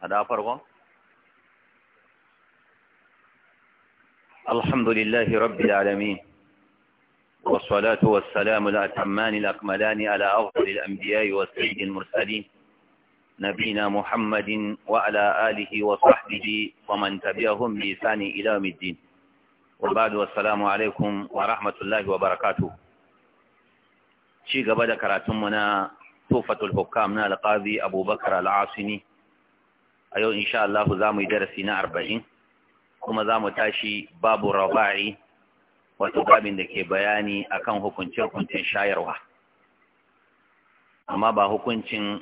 a da farkon alhamdulillahi rabbil alamin والصلاة والسلام الأتمان الأكملان على أفضل الأنبياء والسيد المرسلين نبينا محمد وعلى آله وصحبه ومن تبعهم بإحسان إلى يوم الدين وبعد والسلام عليكم ورحمة الله وبركاته شيء قبل كراتمنا توفة الحكام القاضي أبو بكر العاصمي a yau insha Allah za mu yi darasi na arba'in kuma za mu tashi babu raba'i wato babin da ke bayani akan hukuncin-hukuncin shayarwa amma ba hukuncin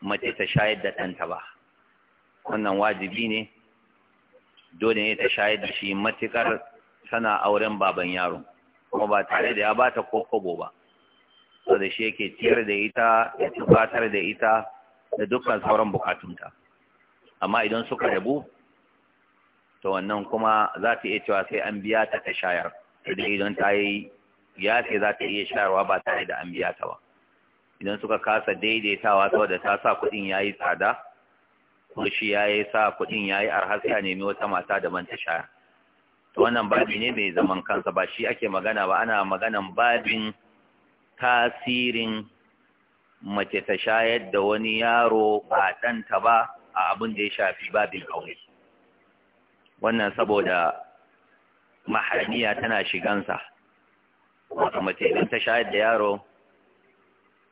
mace ta shayar da ɗanta ba wannan wajibi ne dole ne ta shayar da shi matuƙar tana auren baban yaro kuma ba tare da ya ba ta kokobo ba so da shi yake ciyar da ita ya tufatar da ita da dukkan sauran bukatunta amma idan suka rabu to wannan kuma za ta iya cewa sai an biya ta ta shayar idan idan ta yi ya ce za ta iya shayarwa ba tare da an biya ta ba idan suka kasa daidaitawa saboda ta sa kuɗin ya yi tsada ko shi ya yi sa kuɗin ya yi sai a nemi wata mata daban ta shayar to wannan babi ne mai zaman kansa ba shi ake magana ba ana maganan babin tasirin mace ta shayar da wani yaro ba ɗanta ba a abin da ya shafi babin aure wannan saboda mahaniya tana shigansa wata mace idan ta shayar da yaro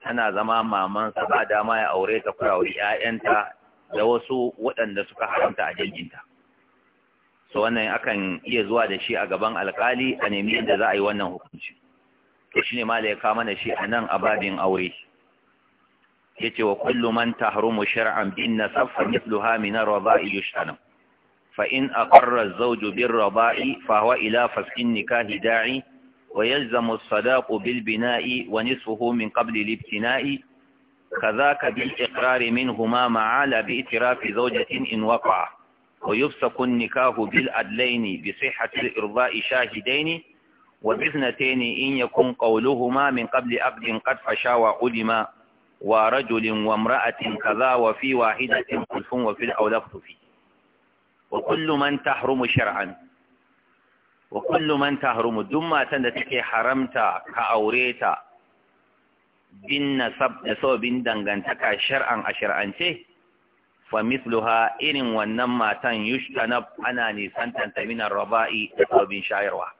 tana zama mamansa ba dama ya aure ta kurawar 'ya'yanta da wasu waɗanda suka haramta a jirginta so wannan akan iya zuwa da shi a gaban alkali a nemi yadda za a yi wannan hukunci to shine ma da ya kama shi a nan a babin aure ya ce wa kullu man tahrumu shir'an bin nasaffa mithluha min ar-rida'i fa in aqarra az-zawju bir fa huwa ila fasqin nikahi da'i wa yalzamu as-sadaqu bil bina'i wa nisfuhu min qabli al-ibtina'i kadhaka bil iqrari minhumā ma'ala bi itirafi zawjatin in waqa'a wa yufsaqu an-nikahu bil adlayni bi sihhati irda'i shahidayni wa bi ithnatayni in yakun huma min qabli aqdin qad fashawa 'udima wa rajulin wa imra'atin kaza wa fi wahidatin kulfun wa fil awlaftu fi wa kullu man tahrumu shar'an wa kullu man tahrumu duk matan da take haramta ka aure ta bin nasab da dangantaka shar'an a shar'ance fa mithluha irin wannan matan yushtanab ana nisantanta min rabai da sabbin shayarwa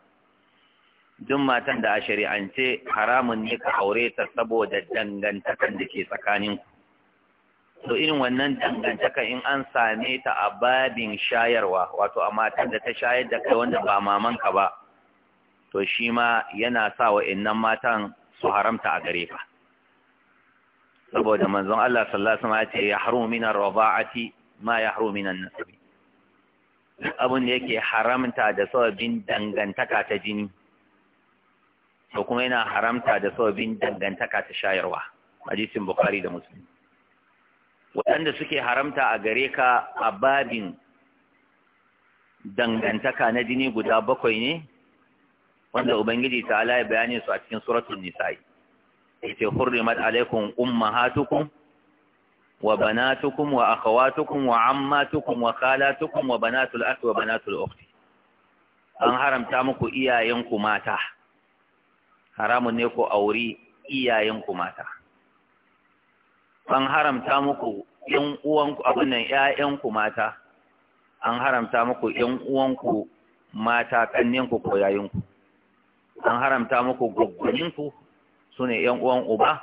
duk matan da a shari'ance haramun ne ka aure ta saboda dangantakan da ke tsakanin to irin wannan dangantaka in an same ta a babin shayarwa wato a matan da ta shayar da kai wanda ba mamanka ba to shi ma yana sa innan matan su haramta a gare ka saboda manzon Allah sallallahu alaihi wasallam ya ce yahrumu min ar ma yahrumu min an-nasab abun da yake haramta da sababin dangantaka ta jini to kuma yana haramta da sababin dangantaka ta shayarwa hadisin bukari da muslim waɗanda suke haramta a gare ka a babin dangantaka na jini guda bakwai ne wanda ubangiji ta ala ya bayani su a cikin suratul nisa'i yace hurrimat alaikum ummahatukum wa banatukum wa akhawatukum wa ammatukum wa khalatukum wa banatul akhi wa banatul ukhti an haramta muku iyayenku mata haramun ne ku auri iyayenku mata an haramta muku yan uwanku abin nan 'ya'yanku mata an haramta muku ƴan uwanku mata kanninku ko yayinku an haramta muku gwaggwaninku sune yan uwan uba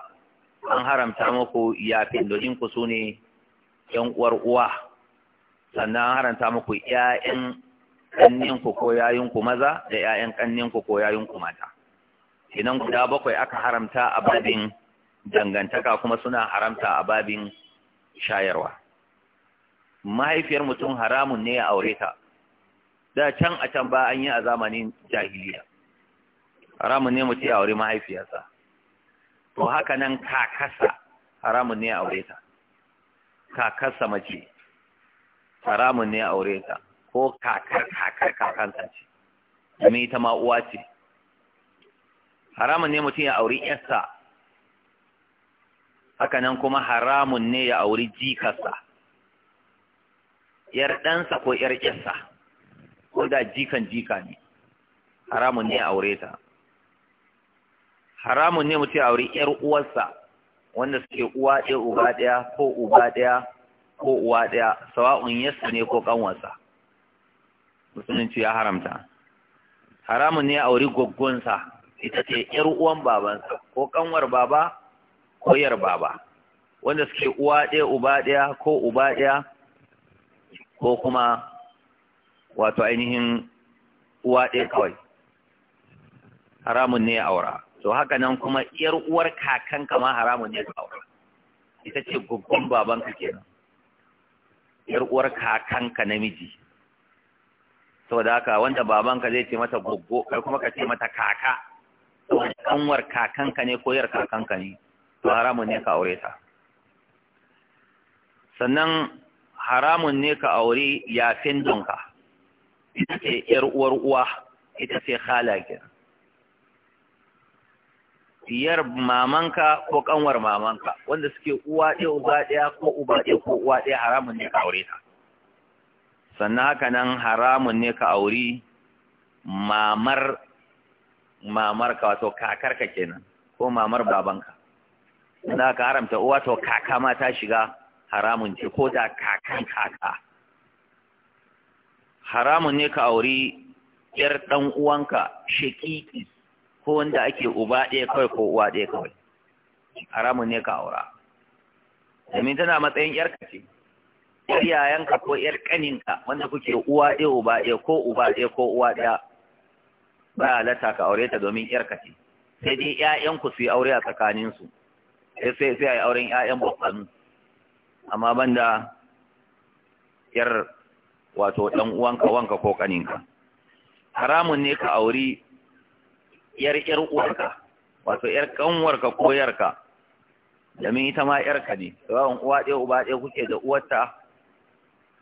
an haramta muku yafin dodinku sune yan uwar uwa sannan an haramta muku 'ya'yan kanninku ko yayinku maza da 'ya'yan kanninku ko yayinku mata idan guda bakwai aka haramta a babin dangantaka kuma suna haramta a babin shayarwa mahaifiyar mutum haramun ne a aure ta da can a can ba an yi a zamanin jahiliya haramun ne mutum ya aure mahaifiyarsa to haka nan kakasa haramun ne a aure ta kakasa mace haramun ne a aure ta ko kakar kakar kakansa ce ita ma uwa ce haramun ne mutum ya auri yarsa haka nan kuma haramun ne ya auri jikarsa yar ɗansa ko yar yarsa ko da jikan jika ne haramun ne ya aure ta haramun ne mutum ya auri yar uwarsa wanda suke uwa ɗaya uba ɗaya ko uba ɗaya ko uwa ɗaya sawa'un yarsa ne ko ƙanwarsa musulunci ya haramta haramun ne ya auri gwaggonsa ita ce ‘yar uwan babansa ko kanwar baba ko yar baba wanda suke uwa ɗaya uba ɗaya ko uba ɗaya ko kuma wato ainihin uwa ɗaya kawai haramun ne aura to haka nan kuma ‘yar uwar kakan kama haramun ne aura ita ce gubban babanka kenan ‘yar uwar kakanka namiji saboda haka wanda babanka zai ce mata goggo kai kuma ka ce mata kaka kanwar kakanka ne ko yar kakanka ne to haramun ne ka aure ta sannan haramun ne ka aure yafin donka ita ce yar uwar uwa ita ce halakin yar mamanka ko kanwar mamanka wanda suke uwa ɗaya uba ɗaya ko uba ɗaya ko uwa ɗaya haramun ne ka aure ta sannan haka nan haramun ne ka aure mamar mamarka wato kakarka kenan ko mamar babanka Ina ka haramta uwa to kaka ma ta shiga haramun ce ko da kakan kaka haramun ne ka auri yar dan uwanka shakiki ko wanda ake uba ɗaya kawai ko uwa ɗaya kawai haramun ne ka aura domin tana matsayin ka ce yar yayanka ko yar kaninka wanda kuke uwa ɗaya uba ɗaya ko uba ɗaya ko uwa ɗaya ba lata ka aure ta domin yarka ce sai dai ƴaƴanku su yi aure a tsakaninsu sai sai sai a yi auren ƴaƴan bakwanu amma banda yar wato ɗan uwanka wanka ko kaninka haramun ne ka auri ƴar ƴar uwarka wato yar kanwarka ko yarka domin ita ma yarka ne rawan uwa ɗaya uba ɗaya kuke da uwarta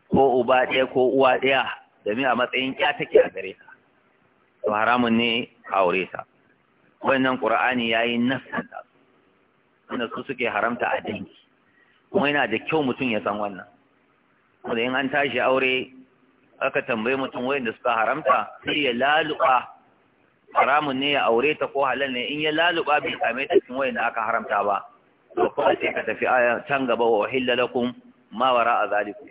ko uba ɗaya ko uwa ɗaya domin a matsayin ƴa take a gare ka to haramun ne aure sa wannan qur'ani yayi nasanta wanda su suke haramta a dangi kuma yana da kyau mutum ya san wannan Kuma in an tashi aure aka tambaye mutum wayanda suka haramta sai ya laluba haramun ne ya aure ta ko halal ne in ya laluba bai same ta cikin wayanda aka haramta ba to kuma sai ka tafi aya can gaba wa uhilla lakum ma wara'a zalikum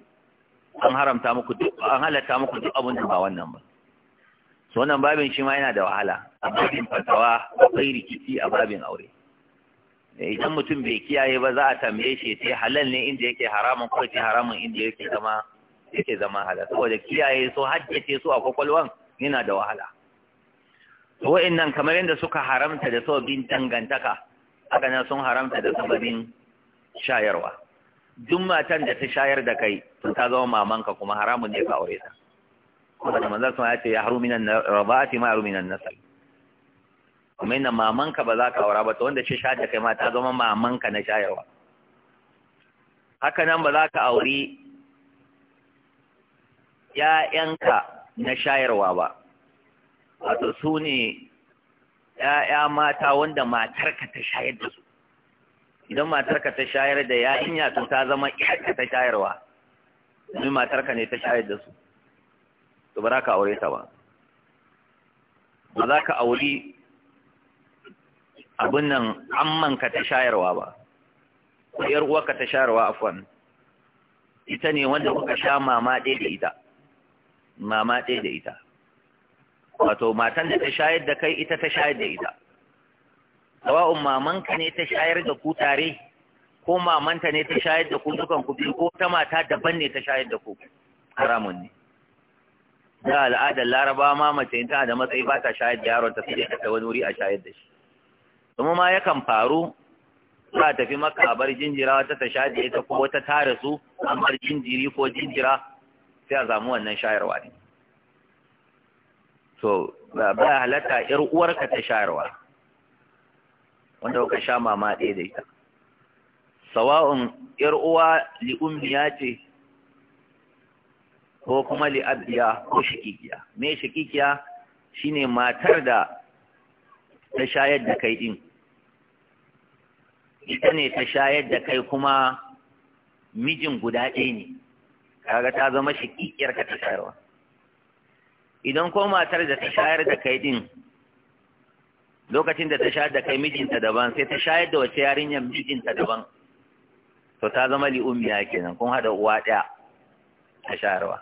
an haramta muku duk an halatta muku duk abin da ba wannan ba to wannan babin shi ma yana da wahala a babin fatawa akwai rikici a babin aure idan mutum bai kiyaye ba za a tambaye shi sai halal ne inda yake haramun ko ce haramun inda yake zama yake zama halal saboda kiyaye so haddace su a kwakwalwan yana da wahala to wa'annan kamar yadda suka haramta da sababin dangantaka haka nan sun haramta da sababin shayarwa duk matan da ta shayar da kai to ta zama mamanka kuma haramun ne ka aure ta kuma da manzon sun ya ce ya haru minan rabati ma haru minan nasal kuma ina mamanka ba za ka aura ba ta wanda shi sha da kai ma ta zama mamanka na shayarwa haka nan ba za ka auri ‘ya'yanka na shayarwa ba wato su ne ‘ya'ya mata wanda matarka ta shayar da su idan matarka ta shayar da ya'inya tun ta zama ‘yarka ta shayarwa domin matarka ne ta shayar da su to ba za ka aure ta ba ba za ka auri abin nan ka ta shayarwa ba ko yar uwarka ta shayarwa afwan ita ne wanda kuka sha mama ɗaya da ita mama ɗaya da ita wato matan da ta shayar da kai ita ta shayar da ita sawa'un mamanka ne ta shayar da ku tare ko mamanta ne ta shayar da ku dukan ku biyu ko ta mata daban ne ta shayar da ku haramun ne da al'adar laraba ma mace in tana da matsayi ba ta shayar da yaron ta sai ta wani wuri a shayar da shi kuma ma yakan faru za tafi maka a bar jinjira wata ta shayar da ita ko wata ta rasu an bar jinjiri ko jinjira sai a samu wannan shayarwa ne to ba ba halatta yar uwarka ta shayarwa wanda kuka sha mama ɗaya da ita sawa'un yar uwa li ce ko kuma li'abdiya ko shakikiya me shakikiya shine matar da ta shayar da kai din ita ne ta shayar da kai kuma mijin guda ɗaya ne kaga ta zama shakikiyar ka ta shayarwa idan ko matar da ta shayar da kai din lokacin da ta shayar da kai mijinta daban sai ta shayar da wace yarinyar mijinta daban to ta zama li'ummiya kenan kun haɗa uwa ɗaya ta shayarwa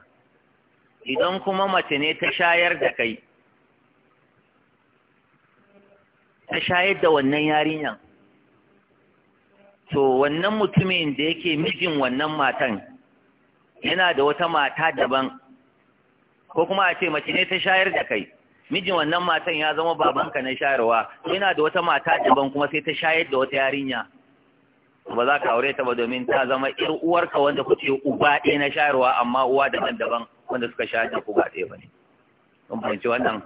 idan kuma mace ne ta shayar da kai ta shayar da wannan yarinyan to wannan mutumin da yake mijin wannan matan yana da wata mata daban ko kuma a ce mace ne ta shayar da kai mijin wannan matan ya zama babanka na shayarwa yana da wata mata daban kuma sai ta shayar da wata yarinya ba za ka aure ta ba domin ta zama ir uwarka wanda kuke uba ɗaya na shayarwa amma uwa daban-daban wanda suka sha da ku ba ɗaya ba ne kun fahimci wannan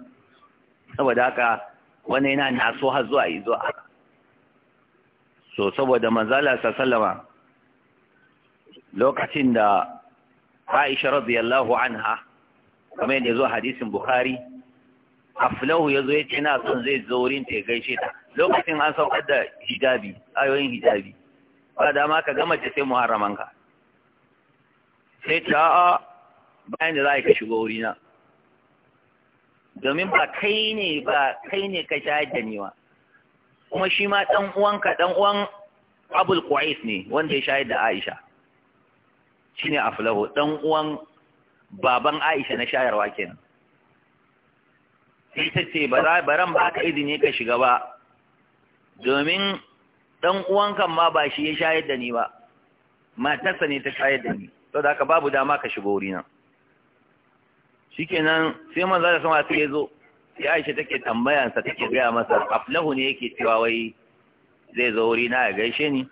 saboda haka wannan yana naso har zuwa yi zuwa haka so saboda manzala sa sallama lokacin da Aisha radiyallahu anha kamar yadda zuwa hadisin Bukhari aflahu zo ya ce na son zai zo wurin ta gaishe ta lokacin an saukar da hijabi ayoyin hijabi ba da ma ka gama ta sai muharramanka. sai ta a bayan da za ka shiga wurina domin ba kai ne ba kai ne ka shayar da niwa kuma shi ma ɗan uwanka ɗan uwan abul kwais ne wanda ya shayar da aisha ne aflahu ɗan uwan baban aisha na shayarwa kenan sai ta ce ba za baran ba ka izini ka shiga ba domin ɗan uwankan ma ba shi ya shayar da ni ba matarsa ne ta shayar da ni sau da aka babu dama ka shiga wurina shikenan sai manzo da sama sai zo sai Aisha take tambayan sa take gaya masa aflahu ne yake cewa wai zai zo wuri na ya gaishe ni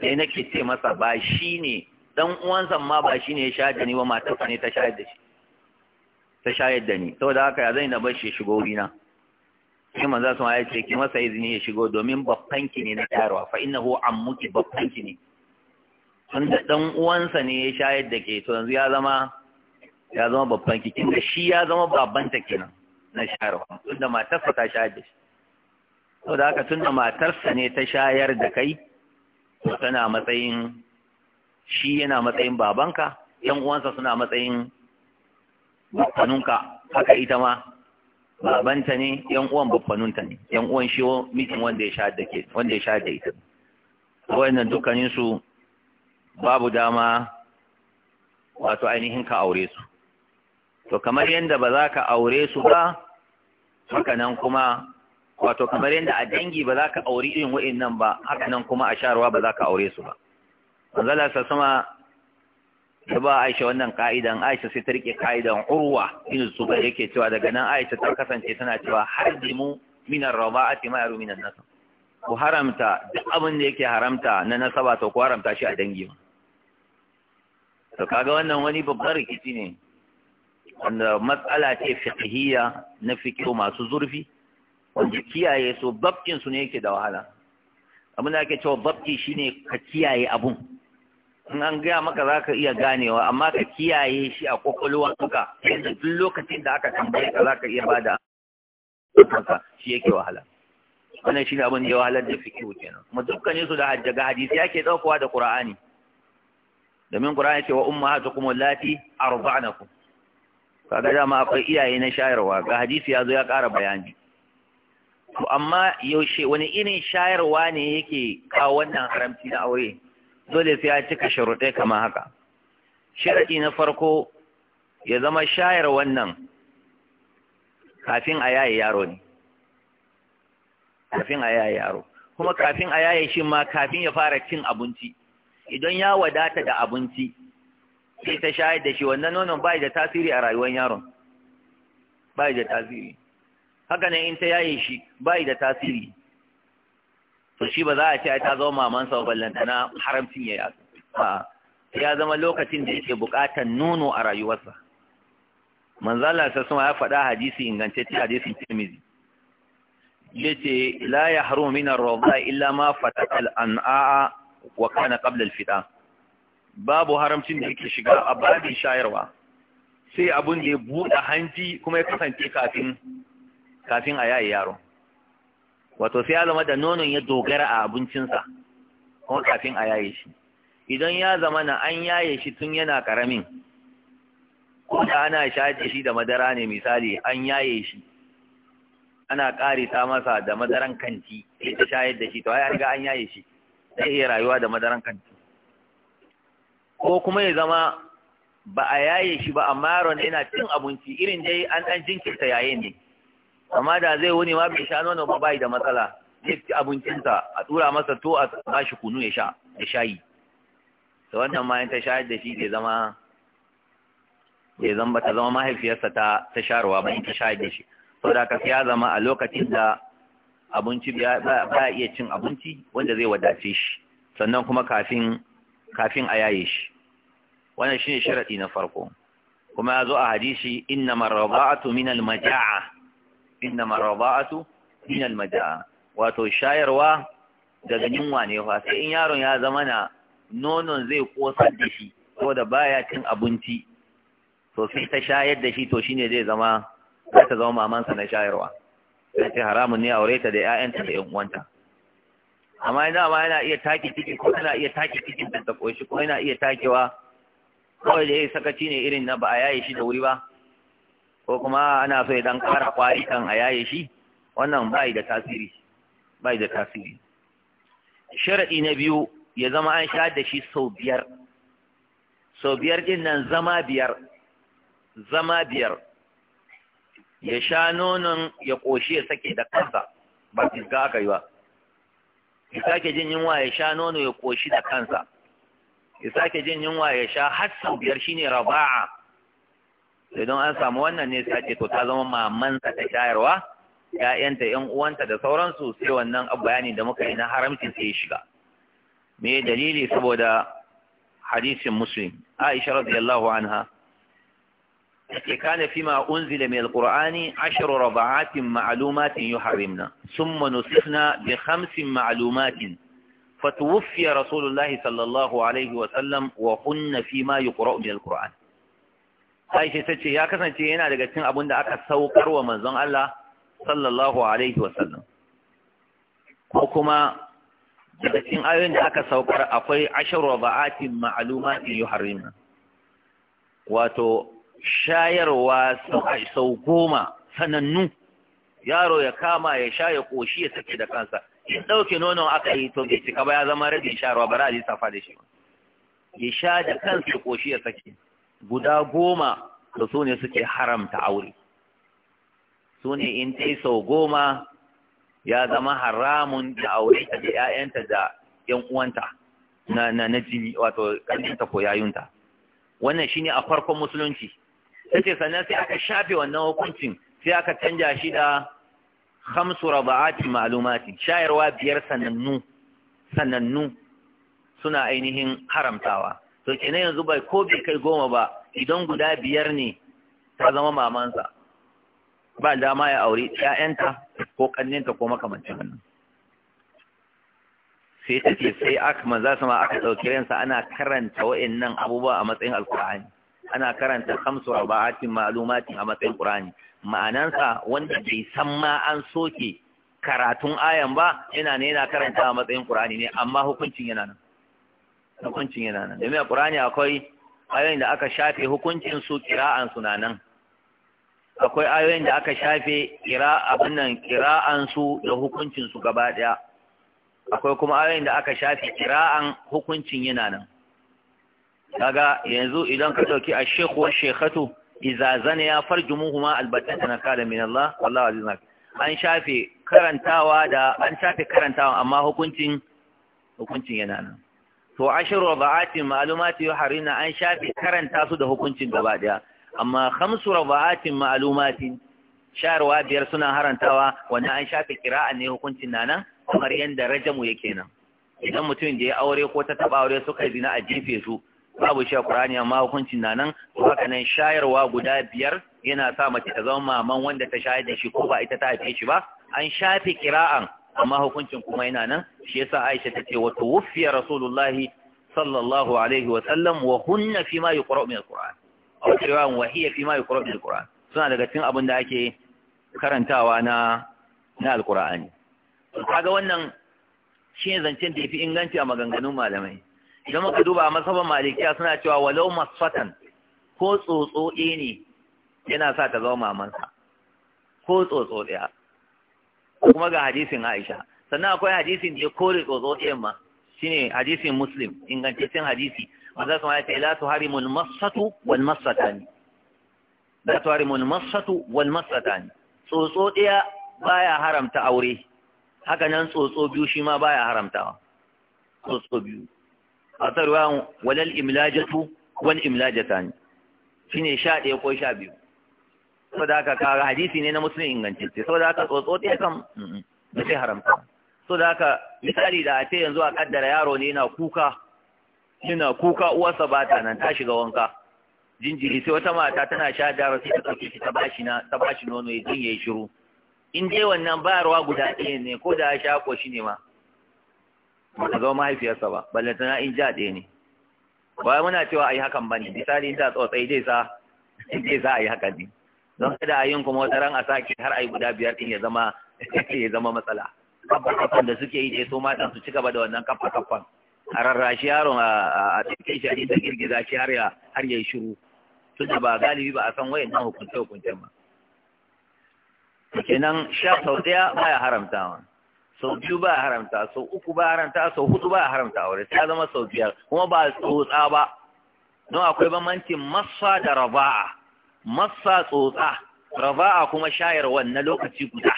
sai nake ce masa ba shi ne dan uwansa ma ba shi ne ya shayar da ni ba matarsa ne ta shayar da shi ta shayar da ni saboda haka ya zai na bar shi shigo wuri na sai manzo sun ya ce ki masa izini ya shigo domin ki ne na yarwa fa innahu ammuki ki ne Wanda dan uwansa ne ya shayar da ke to yanzu ya zama ya zama babban kikin da shi ya zama babanta kenan na shayarwa tunda matarsa ta shayar da shi saboda haka tunda matarsa ne ta shayar da kai to tana matsayin shi yana matsayin babanka yan uwansa suna matsayin baffanunka haka ita ma babanta ne yan uwan baffanunta ne yan uwan shi mijin wanda ya shayar da ke wanda ya shayar da ita wayannan dukkanin babu dama wato ainihin ka aure su to kamar yadda ba za ka aure su ba haka nan kuma wato kamar yadda a dangi ba za ka aure irin wa'in nan ba haka nan kuma a sharuwa ba za ka aure su ba manzala sa sama da ba Aisha wannan ka'idan Aisha sai ta rike ka'idan Urwa in ba yake cewa daga nan Aisha ta kasance tana cewa harjimu min ar rauma ma yaru min ku haramta duk abin da yake haramta na nasaba to ku haramta shi a dangi to kaga wannan wani babban rikici ne wanda matsala ce fiqhiyya na fiqh masu zurfi wanda kiyaye su babkin su ne yake da wahala abin da ake cewa babki shine ka kiyaye abun in an ga maka za ka iya ganewa amma ka kiyaye shi a kwakwalwanka yanda duk lokacin da aka tambaye ka za ka iya bada haka shi yake wahala wannan shi ne abin da ya wahalar da fikihu kenan kuma dukkan su da hajjaga hadisi yake daukowa da qur'ani domin qur'ani ce wa ummahatukum allati arda'nakum kaga dama akwai iyaye na shayarwa ga hadisi ya zo ya ƙara bayani to amma yaushe wani irin shayarwa ne yake kawo wannan haramci na aure dole sai ya cika sharuɗai kamar haka sharaɗi na farko ya zama shayar wannan kafin a yaye yaro ne kafin a yaye yaro kuma kafin a yaye shi ma kafin ya fara cin abinci idan ya wadata da abinci sai ta shayar da shi wannan nonon bai da tasiri a rayuwar yaron bai da tasiri haka nan in ta yaye shi bai da tasiri to shi ba za a ce ta zama maman sa ballanta na haramcin ya yasu a ya zama lokacin da yake buƙatar nono a rayuwarsa manzala sa suma ya faɗa hadisi ingantacce hadisin tirmizi yace la yahrumu min ar-radha illa ma fatata al-an'a wa kana qabla al-fida babu haramcin da yake shiga a babin shayarwa sai abun da ya buɗe hanji kuma ya kasance kafin kafin a yayi yaro wato sai ya zama da nonon ya dogara a abincinsa kuma kafin a yaye shi idan ya zama na an yaye shi tun yana ƙaramin ko da ana shaje shi da madara ne misali an yaye shi ana ƙarisa masa da madaran kanti ita shayar da shi to ya riga an yaye shi zai iya rayuwa da madaran kanti ko kuma ya zama ba a yaye shi ba amma yaron yana cin abinci irin dai an ɗan jinkirta yaye ne amma da zai wuni ma bai sha nono ba bai da matsala zai ci abincinsa a tura masa to a bashi kunu ya sha da shayi da wannan ma ta shayar da shi zai zama zai zama ta zama mahaifiyarsa ta ta sharwa ba in ta shayar da shi saboda ka ya zama a lokacin da abinci ba iya cin abinci wanda zai wadace shi sannan kuma kafin kafin a yaye shi wannan shine sharadi na farko kuma ya zo a hadisi Inna rada'atu min maja'a innamal rada'atu min maja'a wato shayarwa daga yunwa ne fa sai in yaron ya zama na nonon zai kosar da shi ko da baya cin abinci to sai ta shayar da shi to shine zai zama zai zama mamansa na shayarwa sai haramun ne aure ta da 'ya'yanta da 'yan uwanta amma yana ma yana iya take cikin ko tana iya take cikin ta koshi ko yana iya takewa kawai da ya sakaci ne irin na ba a yaye shi da wuri ba ko kuma ana so ya dan kara kwari kan a yaye shi wannan bai da tasiri bai da tasiri sharadi na biyu ya zama an sha da shi sau biyar sau biyar din nan zama biyar zama biyar ya sha nonon ya koshi ya sake da kansa ba fisga aka yi ba Isake sake jin yunwa ya sha nono ya koshi da kansa ya sake jin yunwa ya sha har biyar shine raba'a idan an samu wannan ne sake to ta zama mamansa ta shayarwa ya'yanta 'yan uwanta da sauransu sai wannan bayani da muka yi na haramcin sai ya shiga me dalili saboda hadisin muslim aisha radiyallahu anha yake kana fi ma unzila min alqur'ani ashru rabaatin ma'lumatin yuharrimna thumma nusikna bi khamsin ma'lumatin فتوفي رسول الله صلى الله fi ma yi ƙura'u يقرأ من القرآن Aisha ta ce ya kasance yana daga cin abin da aka saukar wa manzon Allah sallallahu alaihi wasallam ko kuma daga cin ayoyin da aka saukar akwai ashru ba'atin ma'lumatin yuharrimna wato shayarwa sau goma sanannu yaro ya kama ya sha ya koshi ya sake da kansa in ɗauke nonon aka yi to bai cika ya zama rage shayarwa ba ra'ayi safa da shi ya sha da kansa ya koshi ya sake guda goma da su ne suke haramta aure su ne in ta sau goma ya zama haramun da aure ta da 'ya'yanta da 'yan uwanta na na jini wato ƙarfinta ko yayunta wannan shi ne a farkon musulunci ce sannan sai aka shafe wannan hukuncin sai aka canja shi da hamsu raba'ati ma'alumati shayarwa biyar sanannu sanannu suna ainihin haramtawa to kenan yanzu bai ko bai kai goma ba idan guda biyar ne ta zama mamansa ba dama ya aure ƴaƴanta ko kanninta ko makamancin wannan sai ta ce sai aka su ma aka ɗauki ransa ana karanta wa'annan abubuwa a matsayin alkur'ani ana karanta kamsu arba'atin ma'lumatin a matsayin qur'ani ma'anansa wanda bai san ma an soke karatun ayan ba yana ne yana karanta a matsayin qur'ani ne amma hukuncin yana nan hukuncin yana nan domin a qur'ani akwai ayoyin da aka shafe hukuncin su kira'an su nan akwai ayoyin da aka shafe kira abin nan kira'an su da hukuncin su gaba ɗaya. akwai kuma ayoyin da aka shafe kira'an hukuncin yana nan kaga yanzu idan ka dauki a shaykh wa shekhatu idza zaniya farjumuhuma albatta na kala min Allah wallahu azizun an shafe karantawa da an shafe karantawa amma hukuncin hukuncin yana nan to ashiru rabaatin ma'lumati yuharina an shafe karanta su da hukuncin gaba daya amma khamsu rabaatin ma'lumati sharwa biyar suna harantawa wannan an shafe qira'a ne hukuncin nanan kamar yanda rajamu yake nan idan mutum da ya aure ko ta taba aure suka zina a jefe su babu shi a Qur'ani amma hukuncin na nan haka nan shayarwa guda biyar yana sa mace ta zama maman wanda ta shayar da shi ko ba ita ta haife shi ba an shafi kira'an amma hukuncin kuma yana nan shi yasa Aisha ta ce wa tuwfiya Rasulullahi sallallahu alaihi wa sallam wa hunna fi ma yuqra'u min al-Qur'an aw qira'an wa hiya fi ma yuqra'u min al-Qur'an suna daga cikin abin da ake karantawa na na al-Qur'ani kaga wannan shi zancen da yafi inganci a maganganun malamai idan muka duba masaban malikiya suna cewa walau masfatan ko tsotso ɗaya ne yana sa ta zama mamansa ko tsotso ɗaya kuma ga hadisin Aisha sannan akwai hadisin da kore tsotso ɗayan ma shine hadisin Muslim ingantaccen hadisi manzo kuma ya ce la tuharimul masfatu wal masfatani la tuharimul masfatu wal masfatani tsotso baya haramta aure haka nan tsotso biyu shi ma baya haramtawa tsotso biyu a wata ruwa walal imlajatu wal imlajata ne shi ne sha ɗaya ko sha biyu saboda aka kara hadisi ne na musulun ingantacce saboda haka tsotso ɗaya kan da sai haramta saboda aka misali da a ce yanzu a ƙaddara, yaro ne yana kuka yana kuka uwarsa ba ta nan ta shiga wanka jinjiri sai wata mata tana sha da rasu ta ɗauke shi ta bashi na ta bashi nono ya jin yayi shiru in dai wannan bayarwa guda ɗaya ne ko da ya sha ko shi ne ma ba zama mahaifiyarsa ba balle tana in ja ɗaya ne ba muna cewa ayi hakan ba ne misali ta tsotsai zai sa a sa ayi hakan ne don kada ayin kuma wata ran a sake har ayi guda biyar din ya zama ya zama matsala kafa kafan da suke yi dai su matan su ci gaba da wannan kafa kafan a rarrashi yaron a cikin shi a da girgiza shi har ya har ya shiru tun da ba galibi ba a san wayan nan hukunce hukuncen ba kenan sha sau ɗaya baya haramtawa sau biyu ba haramta sau uku ba haramta sau hudu ba haramta aure ta zama sau biyar kuma ba tsotsa ba don akwai bambancin massa da raba'a massa tsotsa raba'a kuma shayar na lokaci guda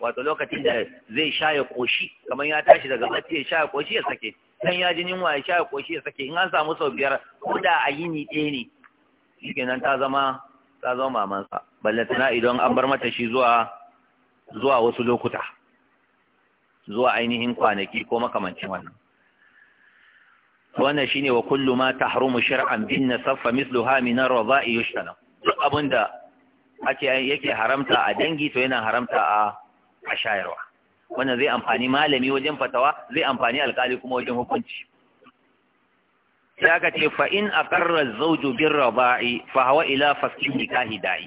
wato lokacin da zai shaya koshi kamar ya tashi daga bacci ya shaya koshi ya sake dan ya ji yunwa ya shaya koshi ya sake in an samu sau biyar ko da a yi ni ɗaya ne nan ta zama ta zama mamansa balle tana idan an bar mata shi zuwa zuwa wasu lokuta zuwa ainihin kwanaki ko makamancin wannan wannan shine wa kullu ma tahrumu shar'an bin nasaf misluha min ar-radha'i yushtalam duk abinda ake yake haramta a dangi to yana haramta a a shayarwa wannan zai amfani malami wajen fatawa zai amfani alkali kuma wajen hukunci sai aka ce fa in aqarra az-zawju bir-radha'i fa huwa ila fasqi nikahi da'i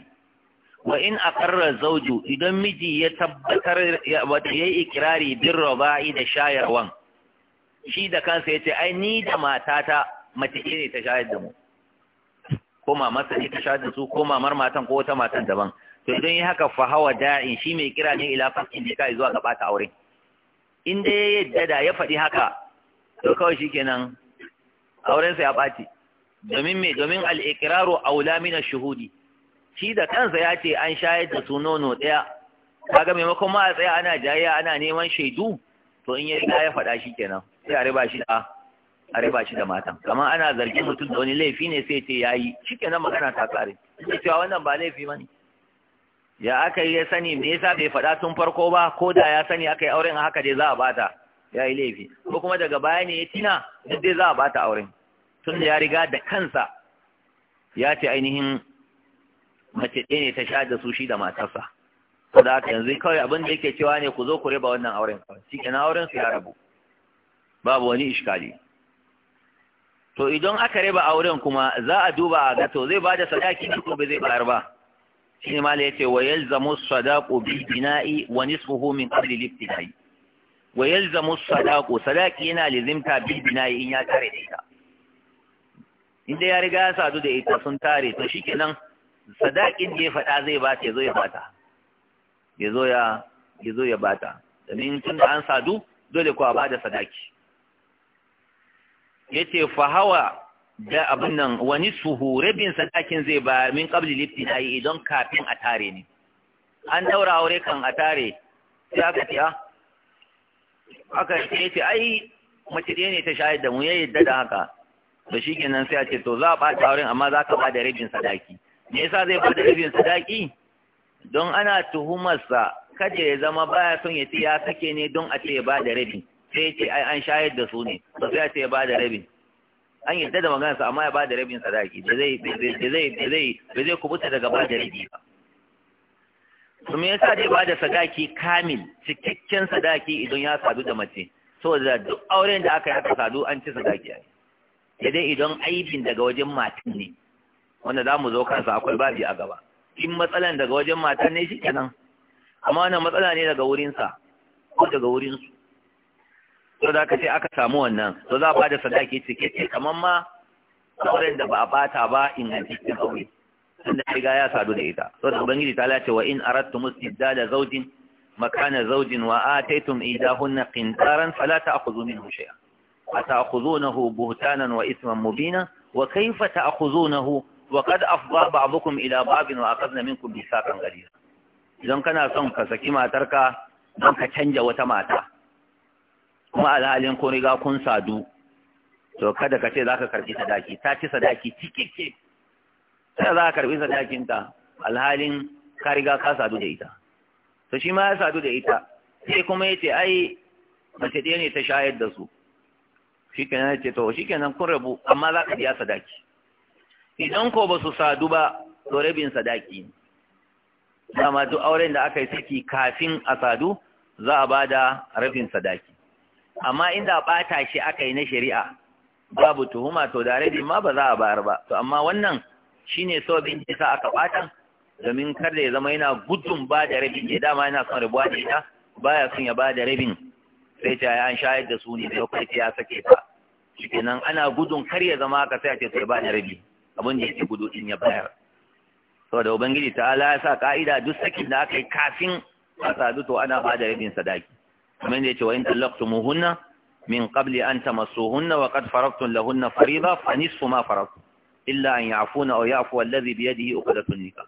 wa in aqarra zawju idan miji ya tabbatar wato yayi ikrari bin rabai da shayarwan shi da kansa yace ai ni da matata mace ne ta shayar da mu ko mamarsa ne ta shayar da su ko mamar matan ko wata matan daban to idan yi haka fa hawa da'in shi mai kira ne ila fakin da kai zuwa ga bata aure in dai ya yadda da ya faɗi haka to kawai shikenan auren sa ya ɓaci domin me domin al-iqraru aula min ash-shuhudi shi da kansa ya ce an shayar da su nono ɗaya kaga maimakon ma a tsaya ana jayayya ana neman shaidu to in ya ya faɗa shi kenan sai a riba shi da a riba shi da matan kamar ana zargin mutum da wani laifi ne sai ce yayi shi kenan magana ta kare sai cewa wannan ba laifi ba ne? ya aka yi ya sani me yasa bai faɗa tun farko ba ko da ya sani aka yi auren haka dai za a bata ya yi laifi ko kuma daga baya ne ya tina duk dai za a bata auren tun da ya riga da kansa ya ce ainihin mace ɗaya ne ta sha da su shi da matarsa ko da haka yanzu kawai abin da yake cewa ne ku zo ku riba wannan auren shi kenan auren su ya rabu babu wani iskali to idan aka riba auren kuma za a duba a ga to zai bada sadaki ko ba zai bayar ba shine ma la yace wa yalzamu sadaqu bi bina'i wa nisfuhu min qabli al-ibtida'i wa yalzamu sadaqu sadaqi yana lazimta bi bina'i in ya tare da ita inda ya riga ya sadu da ita sun tare to shikenan Sadaƙin da ya faɗa zai ba ta ya zo ya bata ya zo ya ya zo ya tun da an sadu dole kuwa ba da sadaki yace fa hawa da abin nan wani suhu rabin sadakin zai ba min qabli na yi idan kafin a tare ne an daura aure kan a tare sai aka ce ah, aka ce ai mace ne ta shayar da mu ya yadda da haka shi kenan sai a ce to za a bata auren amma za ka ba da rabin sadaki me yasa zai ba da rabin sadaki don ana tuhumarsa kada ya zama baya son ya ce ya sake ne don a ce ya ba da rabi sai ce ai an shayar da su ne ba sai a ce ya ba da rabin an yadda da maganarsa amma ya ba da rabin sadaki da zai da zai da zai da zai kubuta daga bada rabi ba to me yasa zai ba da sadaki kamil cikakken sadaki idan ya sadu da mace saboda duk auren da aka yi aka sadu an ci sadaki ai sai dai idan aibin daga wajen matan ne wanda za mu zo kansa akwai babi a gaba in matsalan daga wajen matan ne shi kenan amma wannan matsala ne daga wurinsa ko daga wurinsu to da ka ce aka samu wannan to za a da sadaki cike ce kamar ma auren da ba a bata ba in a cikin aure tunda riga ya sadu da ita to da ubangiji ta lace wa in aradtum istiddada zawjin makana zaujin. wa ataytum idahunna qintaran fala ta'khudhu minhu shay'a ata'khudhunahu buhtanan wa isman mubina wa kayfa ta'khudhunahu wa qad afdha ba'dukum ila ba'din wa aqadna minkum bisaqan ghalira idan kana son ka saki matarka don ka canja wata mata kuma alhalin ko riga kun sadu to kada ka ce za ka karbi sadaki ta ci sadaki cikike sai za ka karbi sadakinta alhalin ka riga ka sadu da ita to shi ma ya sadu da ita sai kuma ya ce ai mace ɗaya ne ta shayar da su shi kenan ya ce to shi kenan kun rabu amma za ka biya sadaki idan ko ba su sadu ba to rabin sadaki dama duk auren da aka yi saki kafin a sadu za a bada rabin sadaki amma inda bata shi aka yi na shari'a babu tuhuma to da rabin ma ba za a bayar ba to amma wannan shine so bin da aka bata domin kar da ya zama yana gudun ba da rabin ya dama yana son rabuwa da ita baya son ya ba da rabin sai ta an shayar da su ne sai ya sake ta shikenan ana gudun kar ya zama aka sai a ce sai ba da rabi abin da yake gudu in ya bayar saboda ubangiji ta'ala ya sa ka'ida duk sakin da aka yi kafin a sadu to ana ba da rabin sadaki kamar da yace wa in hunna, min qabli an hunna wa qad faragtum lahunna fariida fa nisfu ma faraktun. illa an ya'funa aw ya'fu alladhi bi yadihi uqdatun nikah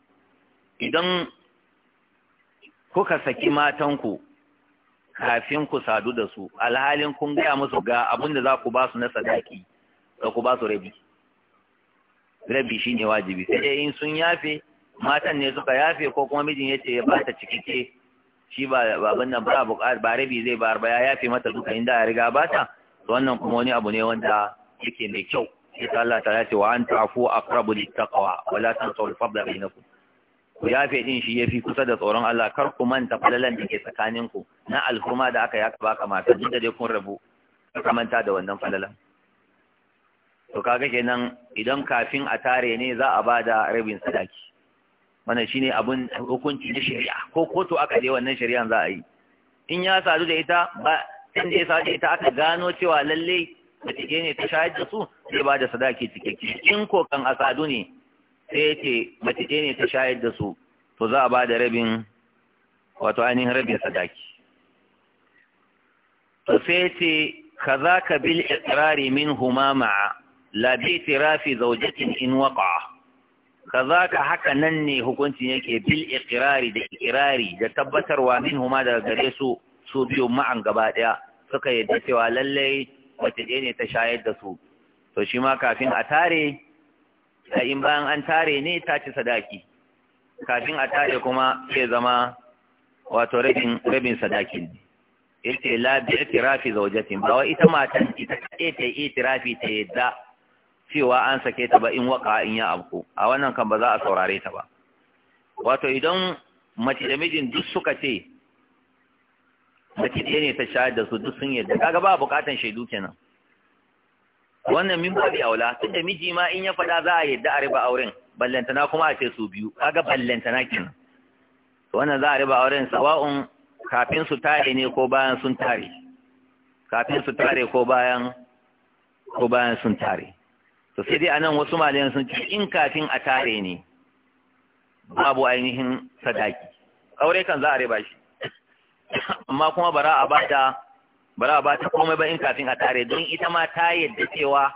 idan kuka saki matan ku kafin ku sadu da su alhalin kun gaya musu ga abin da za ku ba su na sadaki da ku ba su rabi rabi shine wajibi sai dai in sun yafe matan ne suka yafe ko kuma mijin yace ya bata cikike shi ba baban nan ba buƙatar ba rabi zai bar ba ya yafe mata duka inda ya riga bata to wannan kuma wani abu ne wanda yake mai kyau sai Allah ta ce wa anta afu aqrabu littaqwa wa la tansaw al-fadla bainakum ku yafe din shi yafi kusa da tsoron Allah kar ku manta falalan da ke tsakaninku na alhurma da aka yaka baka mata duk da dai kun rabu ka manta da wannan falalan to kaga kenan idan kafin a tare ne za a bada rabin sadaki mana shine abun hukunci na shari'a ko kotu aka je wannan shari'an za a yi in ya sadu da ita ba in da ya sadu da ita aka gano cewa lalle da take ne ta shayar da su zai ba da sadaki cikakke in ko kan a sadu ne sai ce mace ne ta shayar da su to za a ba da rabin wato ainihin rabin sadaki to sai ce ka bil iqrari min huma ma'a la bi tirafi zaujatin in waqa'a kazaka haka nan ne hukuncin yake bil iqrari da iqrari da tabbatarwa huma daga gare su su biyu ma'an gaba daya suka yadda cewa lalle wace ɗaya ne ta shayar da su to shi ma kafin a tare in bayan an tare ne ta ci sadaki kafin a tare kuma ke zama wato rabin rabin sadakin yace la bi tirafi zawjatin ba ita matan ita ce ta tirafi ta yadda cewa an sake ta ba in waka in ya abu a wannan kan ba za a saurare ta ba wato idan mace da mijin duk suka ce mace ɗaya ne ta shayar da su duk sun yadda kaga ba bukatan shaidu kenan wannan min babi aula tun da miji ma in ya faɗa za a yadda a riba auren ballantana kuma a ce su biyu kaga ballantana kenan wannan za a riba auren sawa'un kafin su tare ne ko bayan sun tare kafin su tare ko bayan ko bayan sun tare to sai dai anan wasu malayan sun ce in kafin a tare ne babu ainihin sadaki aure kan za a riba shi amma kuma bara a bata bara a bata komai ba in kafin a tare don ita ma ta yadda cewa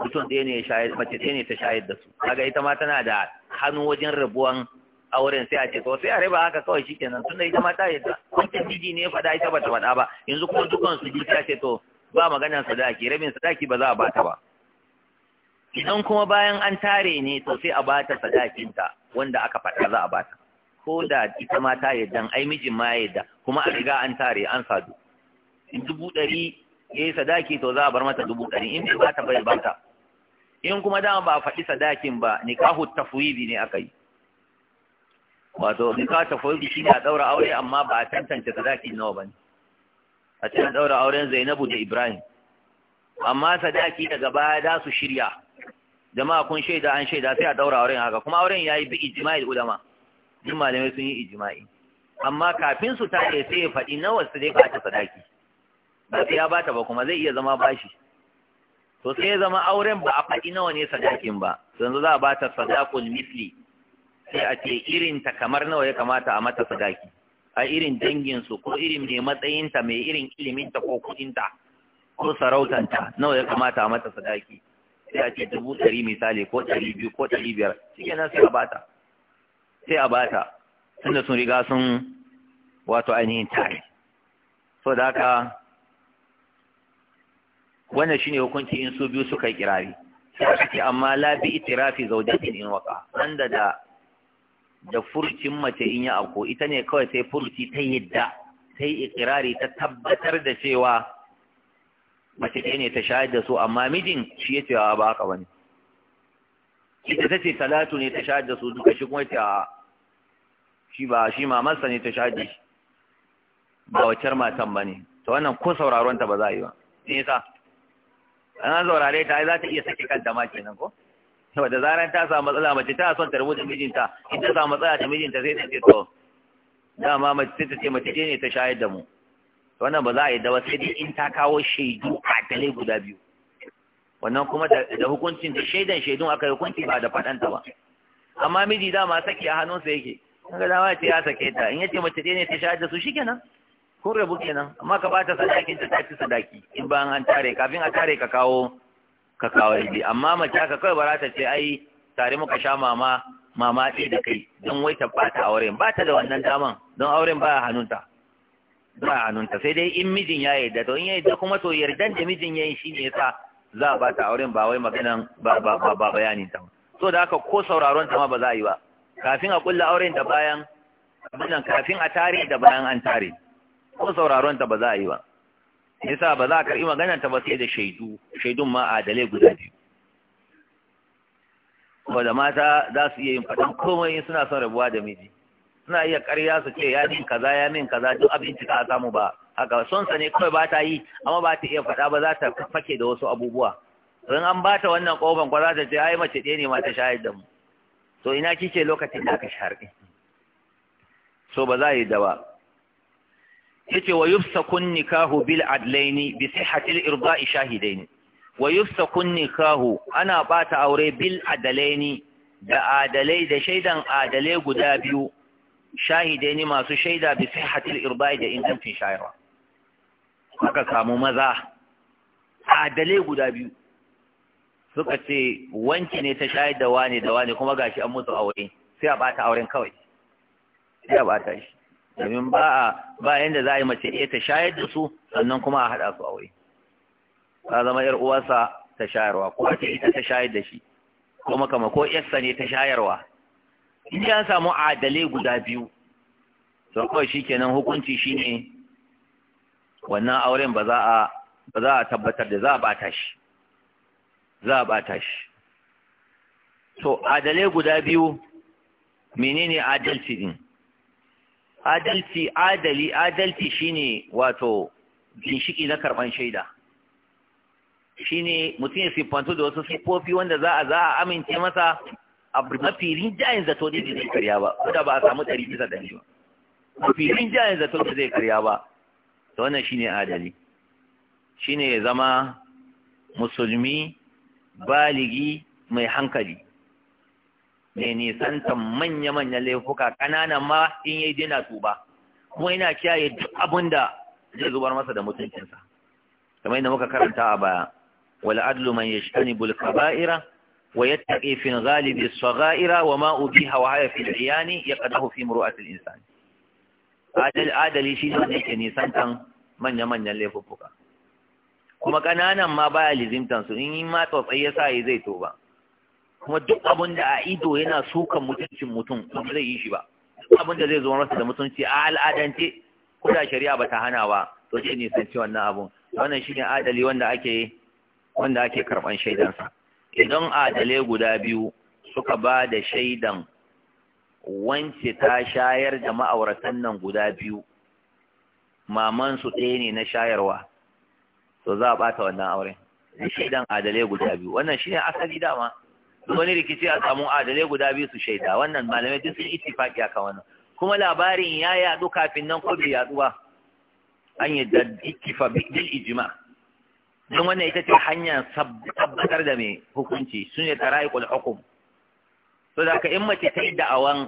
mutum ɗaya ne shayar mace ɗaya ne ta shayar da su kaga ita ma tana da hannu wajen rabuwan auren sai a ce to sai a riba haka kawai shikenan tunda ita ma ta yadda wancan jiji ne faɗa ita bata faɗa ba yanzu kuma dukansu su ji ta ce to ba maganar sadaki rabin sadaki ba za a bata ba idan kuma bayan an tare ne to sai a bata sadakinta wanda aka faɗa za a bata ko da ita ma ta yadda ai mijin ma yadda kuma a riga an tare an sadu in dubu ɗari ya yi sadaki to za a bar mata dubu ɗari in bai bata bai bata in kuma dama ba a faɗi sadakin ba nikahu tafwidi ne aka yi wato nikahu tafwidi shi ne a ɗaura aure amma ba a tantance sadakin nawa ba ne a cikin ɗaura auren zainabu da ibrahim amma sadaki daga baya za su shirya jama'a kun shaida an shaida sai a daura auren haka kuma auren yayi bi ijma'i ulama duk malamai sun yi ijma'i amma kafin su tare sai ya faɗi nawa wasu dai ta sadaki ba sai ya bata ba kuma zai iya zama bashi to sai ya zama auren ba a faɗi nawa ne sadakin ba yanzu za a bata sadakul misli sai a ce irin ta kamar nawa ya kamata a mata sadaki a irin danginsu ko irin mai matsayinta mai irin iliminta ko kuɗinta ko sarautanta nawa ya kamata a mata sadaki sai a ce dubu ɗari misali ko ɗari biyu ko ɗari biyar shi kenan sai a bata sai a bata tunda sun riga sun wato ainihin tare so da haka wannan shine hukunci in su biyu suka yi kirari sai amma la itirafi zaujatin in waka wanda da da furcin mace in ya afko ita ne kawai sai furci ta yadda sai ikirari ta tabbatar da cewa mace ɗaya ne ta shayar da su amma mijin shi ya ce a ba haka bane ita ta ce talatu ne ta shayar da su duka shi kuma ce a shi ba shi mamarsa ne ta shayar da shi ba waccar matan ba ne ta wannan ko sauraron ta ba za a yi ba ne yasa an saurare ta za ta iya sake kanta ma kenan ko saboda zaran ta samu matsala mace ta son ta rubuta mijinta in ta samu matsala ta mijinta sai ta ce to dama mace ta ce mace ne ta shayar da mu wannan ba za a yi da sai dai in ta kawo shaidu a tale guda biyu wannan kuma da hukuncin da shaidan shaidun aka yi hukunci ba da faɗanta ba amma miji dama saki a hannunsa yake an ga dama ce ya sake ta in yace mace ɗaya ne ta shayar da su kenan kun rabu kenan amma ka bata sadakin ta ci sadaki in ba an tare kafin a tare ka kawo ka kawo idi amma mace haka kawai barata za ta ce ai tare muka sha mama mama ɗaya da kai don wai ta bata auren Bata da wannan daman don auren ba hannunta ba nunta sai dai in mijin ya yarda to in ya yarda kuma to yardan da mijin ya yi shi ne yasa za a ba ta auren ba wai maganan ba ba ba ba bayanin ta so da haka ko sauraron ta ma ba za a yi ba kafin a kulla auren da bayan abinan kafin a tare da bayan an tare ko sauraron ta ba za a yi ba yasa ba za a karɓi maganan ta ba sai da shaidu shaidun ma a adalai guda biyu da mata za su iya yin faɗin komai suna son rabuwa da miji suna iya karya su ce ya min kaza ya min kaza duk abinci ka samu ba haka son sa ne kawai ba ta yi amma ba ta iya faɗa ba za ta fake da wasu abubuwa in an ba ta wannan ƙofan kwa za ta ce ai mace ɗaya ne ma ta shayar da mu to ina kike lokacin da aka shahar so ba za a yi da ba yace wa yufsakun nikahu bil adlaini bi sihhatil irda'i shahidaini wa yufsakun nikahu ana bata aure bil adalaini da adalai da shaidan adalai guda biyu shahidai ne masu shaida bi sihhatil irba'i da ingancin shayarwa aka samu maza adalai guda biyu suka ce wanki ne ta shayar da wane da wane kuma gashi an mutu aure sai a bata auren kawai sai a bata shi domin ba a ba yanda za a yi mace ɗaya ta shayar da su sannan kuma a haɗa su aure ta zama yar uwarsa ta shayarwa ko a ita ta shayar da shi kuma kama ko yarsa ne ta shayarwa in an samu adalai guda biyu to kawai kenan hukunci shi ne wannan auren ba za a ba za a tabbatar da za a bata shi za a bata shi to adalai guda biyu menene adalci din adalci adali adalci shine wato ginshiki na karban shaida shine mutum ya siffantu da wasu siffofi wanda za a za a amince masa abu mafi zato ne zai karya ba ko da ba a samu ɗari bisa ɗari ba mafi rinjayen zato ne zai karya ba to wannan shine adali shine ya zama musulmi baligi mai hankali ne nisantan manya-manyan laifuka ƙananan ma in yi dina tuba kuma yana kiyaye duk abin da zai zubar masa da mutuncinsa kamar yadda muka karanta a baya wal adlu man yashtani bul kaba'ira ويتقي في الغالب الصغائر وما أبيها وهي في العيان يقده في مروءة الإنسان adali shi ne yake nisantan manya-manyan laifuffuka kuma ƙananan ma baya lizimtansu in yi ma tsotsai ya sa yi zai to ba kuma duk abin da a ido yana sukan mutuncin mutum ba zai yi shi ba duk abin da zai zo masa da mutunci a al'adance ko da shari'a ba ta hana ba to shi nisanci wannan abun wannan shine adali wanda ake wanda ake karɓan shaidansa idan adale guda biyu suka ba da shaidan wance ta shayar da ma'auratan nan guda biyu mamansu ɗaya ne na shayarwa to za a ɓata wannan auren da shaidan adale guda biyu wannan shi ne asali dama wani rikici a samun adale guda biyu su shaida wannan malamai duk sun ittifaki akan wannan kuma labarin ya yaɗu kafin nan ko bai yaɗu an yadda ittifa bil ijma don wannan ita ce hanya tabbatar da mai hukunci yi tsara ikul hukum so da ka in mace ta yi da'awan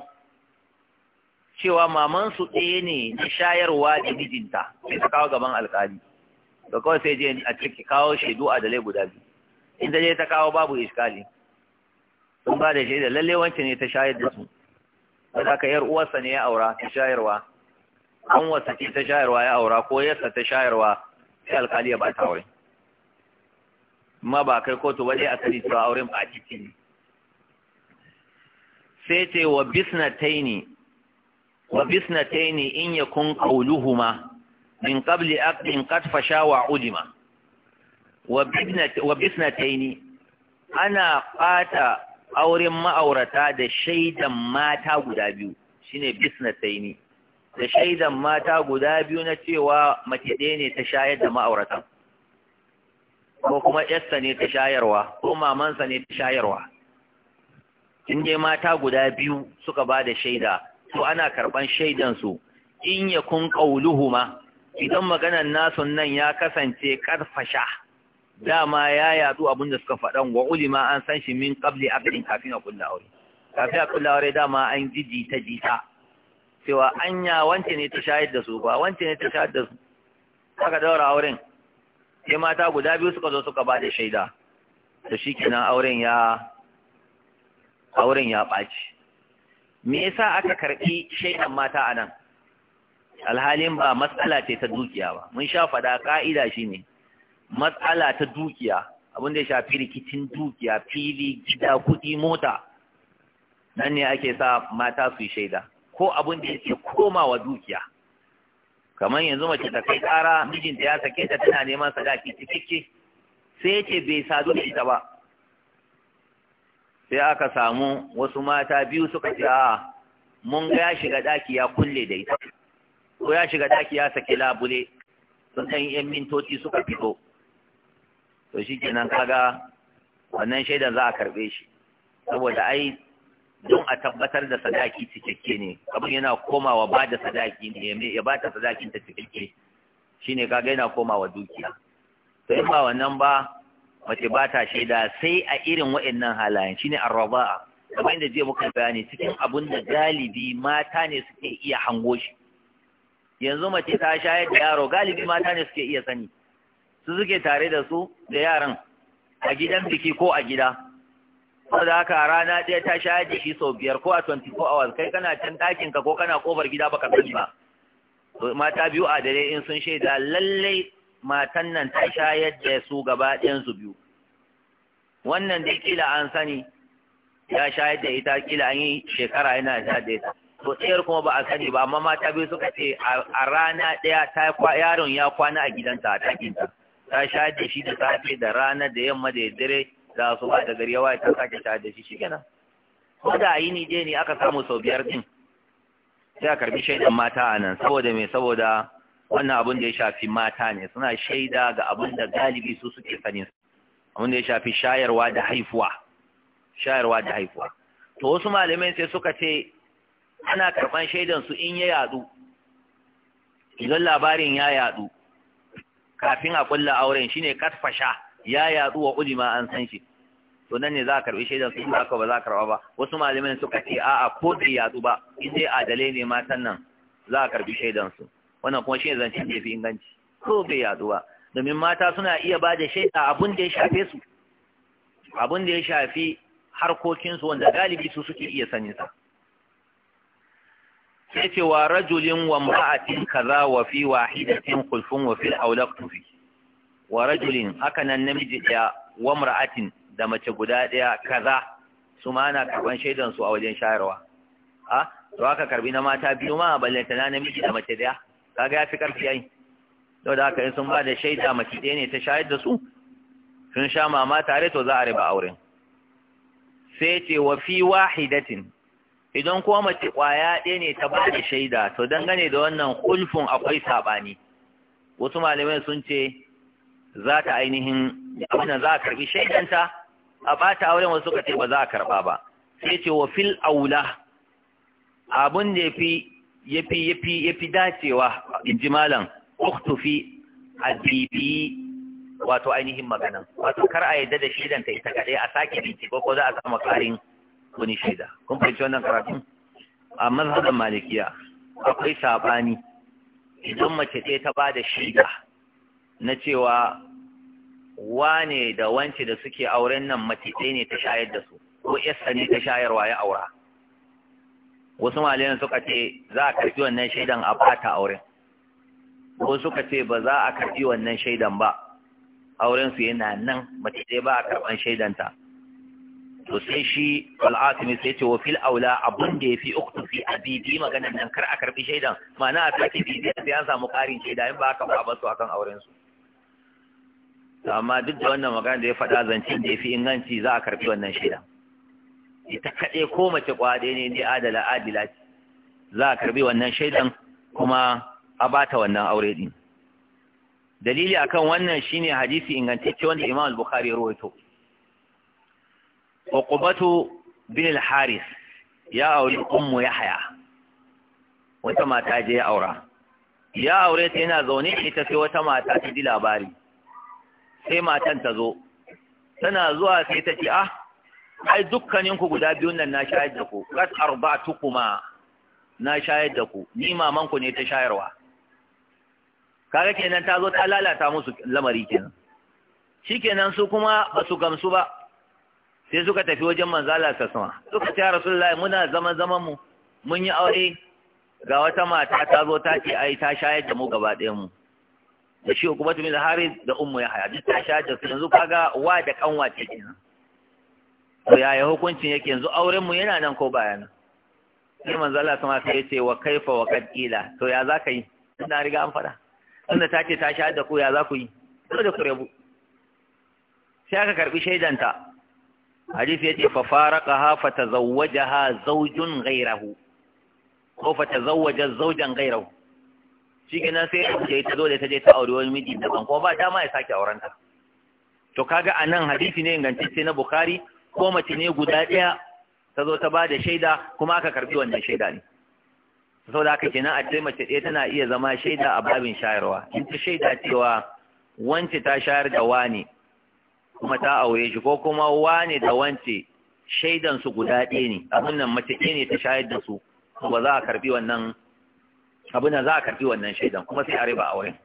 cewa mamansu ɗaya ne na shayarwa da mijinta sai ta kawo gaban alkali da kawai sai je a ciki kawo shaidu a dalai guda biyu in ta je ta kawo babu iskali sun ba da shaida lalle wancan ne ta shayar da su sai ka yar uwarsa ne ya aura ta shayarwa an wasa ce ta shayarwa ya aura ko yarsa ta shayarwa sai alkali ya ba ta aure ma ba kai kotu ba dai a sani cewa auren ba ciki ne sai ce wa bisnataini wa bisnataini in yakun qawluhuma min qabli aqdin qad fasha wa ulima wa bisnataini ana fata auren ma'aurata da shaidan mata guda biyu shine bisnataini da shaidan mata guda biyu na cewa mace ɗaya ne ta shayar da ma'auratan ko kuma yarsa ne ta shayarwa ko mamansa ne ta shayarwa in dai mata guda biyu suka ba da shaida to ana karɓan shaidansu in ya kun ƙauluhuma idan maganar nasu nan ya kasance ƙarfasha dama ya yatsu abin da suka faɗan wa ulima an san shi min ƙabli abin kafin a kulla aure kafin a kulla aure dama an ji jita jita cewa anya wance ne ta shayar da su ba wance ne ta shayar da su aka daura auren sai mata guda biyu suka zo suka ba da shaida to shikenan auren ya auren ya ɓaci me yasa aka karɓi shaidan mata a nan alhalin ba matsala ce ta dukiya ba mun sha faɗa ƙa'ida shine matsala ta dukiya abin ya shafi rikicin dukiya fili gida kuɗi mota nan ne ake sa mata su shaida ko abin da yake komawa dukiya kamar yanzu mace ta kai tsara, mijinta ya sake ta tana neman sadaki cikakke sai ce bai sadu da ita ba sai aka samu wasu mata biyu suka ce a mun ga ya shiga ɗaki ya kulle da ita ko ya shiga ɗaki ya sake labule sun ɗan yan mintoci suka fito to shi kenan kaga wannan shaidan za a karɓe shi saboda ai don a tabbatar da sadaki cikakke ne abin yana komawa ba da sadaki ne ya ba ta sadakin ta cikakke shine kaga yana komawa dukiya to in ba wannan ba mace ba ta shaida sai a irin wa'annan halayen shine arraba'a kamar da jiya muka bayani cikin abun da galibi mata ne suke iya hango shi yanzu mace ta shayar da yaro galibi mata ne suke iya sani su suke tare da su da yaran a gidan biki ko a gida da haka rana ɗaya ta sha da shi sau biyar ko a 24 hours kai kana can ɗakin ka ko kana ƙofar gida baka sani ba to mata biyu a dare in sun shaida lallai matan nan ta shayar da su gaba ɗayan su biyu wannan dai kila an sani ya shayar da ita kila an yi shekara yana da da ita to ɗayar kuma ba a sani ba amma mata biyu suka ce a rana ɗaya ta yaron ya kwana a gidanta a ɗakinta ta shayar da shi da safe da rana da yamma da dare da ba da gari yawai ta sake ta da shi shikenan ko da yi ni je ne aka samu sau biyar din sai a karbi shaidan mata a nan saboda me saboda wannan abin da ya shafi mata ne suna shaida ga abin da galibi su suke sanin abin da ya shafi shayarwa da haifuwa shayarwa da haifuwa to wasu malamai sai suka ce ana karban shaidan su in ya yadu idan labarin ya yadu kafin a kulla auren shine katfasha ya yadu wa ma an san shi to nan ne za a karbi shaidan su ba ka ba za ka karba ba wasu malaman suka ce a'a ko da yadu ba in dai adalai ne matan nan za a karbi shaidan su wannan kuma shine zancen da fi inganci ko bai yadu ba domin mata suna iya ba da shaida abun da ya shafe su abun da ya shafi harkokin su wanda galibi su suke iya sani sa sai ce wa rajulin wa ma'atin kaza wa fi wahidatin khulfun wa fil awlaqtu fi wa rajulin haka nan namiji ɗaya wa mura'atin da mace guda ɗaya kaza su ma ana karɓan shaidan su a wajen shayarwa a to haka karbi na mata biyu ma balle ta na namiji da mace ɗaya kaga ya fi ƙarfi yayi to da haka in sun ba da shaida mace ɗaya ne ta shayar da su sun sha mama tare to za a riba auren sai ce wa fi wahidatin idan kuma mace ƙwaya ɗaya ne ta bada shaida to dangane da wannan hulfun akwai saɓani wasu malamai sun ce za ta ainihin abinan za a karbi shaidanta a bata auren wasu suka ce ba za a karba ba sai ce wa fil aula abin da yafi yafi yafi yafi dacewa injimalan uktufi bibi wato ainihin magana wato kar a yadda da shaidanta ita kadai a sake bincike ko za a samu karin wani shaida kun fahimci wannan karatun a mazhaban malikiya akwai sabani idan mace ce ta ba da shaida na cewa wane da wance da suke auren nan mace ɗaya ne ta shayar da su ko yasa ne ta shayarwa ya aura wasu malayan suka ce za a karfi wannan shaidan a bata auren ko suka ce ba za a karfi wannan shaidan ba auren su yana nan mace ɗaya ba a karɓan shaidanta to sai shi al'atimi sai ce wa fil aula abun da ya fi uktu fi bibi maganan nan kar a karɓi shaidan ma'ana a sake bibi sai an samu ƙarin shaida in ba haka ba a basu akan auren su to amma duk da wannan magana da ya faɗa zancen da ya fi inganci za a karɓi wannan shaida ita kaɗai ko mace kwaɗe ne ne adala adila ce za a karɓi wannan shaidan kuma a bata wannan aure din dalili akan wannan shine hadisi ingantacce wanda Imam al-Bukhari ya rawaito Uqbatu bin al-Haris ya auri ummu Yahya wata mata je ya aura ya aure ta yana zaune ita sai wata mata ta ji labari sai matan ta zo tana zuwa sai ta ce ah ai dukkanin ku guda biyun nan na shayar da ku kat arbatukuma na shayar da ku ni maman ku ne ta shayarwa kaga kenan ta zo ta lalata musu lamari kenan shikenan su kuma ba su gamsu ba sai suka tafi wajen manzala sa sama suka ce rasulullahi muna zama zaman mu mun yi aure ga wata mata ta zo ta ce ai ta shayar da mu gaba ɗayan mu da shi kuma tumi da hari da ummu ya haya duk ta sha da su yanzu kaga wa da kanwa ce kenan to yaya hukuncin yake yanzu auren mu yana nan ko baya nan sai manzo Allah sama sai yace ce wa kaifa wa qad qila to ya ka yi ina riga an fada tunda ta ce ta sha da ku ya za ku yi da ku rabu sai aka karbi shaidanta hadisi yace fa faraqaha fa tazawwajaha zawjun ghayrahu ko fa tazawwaja zawjan ghayrahu shi kenan sai ya ta zo da ta je ta auri wani miji daban ko ba dama ya sake auren ta to kaga nan hadisi ne ingantacce na bukhari ko mace ne guda ɗaya ta zo ta ba da shaida kuma aka karbi wannan shaida ne saboda haka kenan a ce mace ɗaya tana iya zama shaida a babin shayarwa in ta shaida cewa wance ta shayar da wane kuma ta aure shi ko kuma wane da wance shaidansu su guda ɗaya ne abin nan mace ɗaya ne ta shayar da su ba za a karbi wannan abin za a karfi wannan shaidan kuma sai a riba a wurin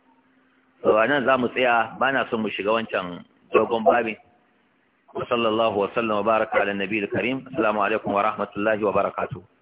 nan za mu tsaya ba na son mu shiga wancan dogon babi wa sallallahu wa baraka ala nabi karim assalamu alaikum wa rahmatullahi wa barakatuh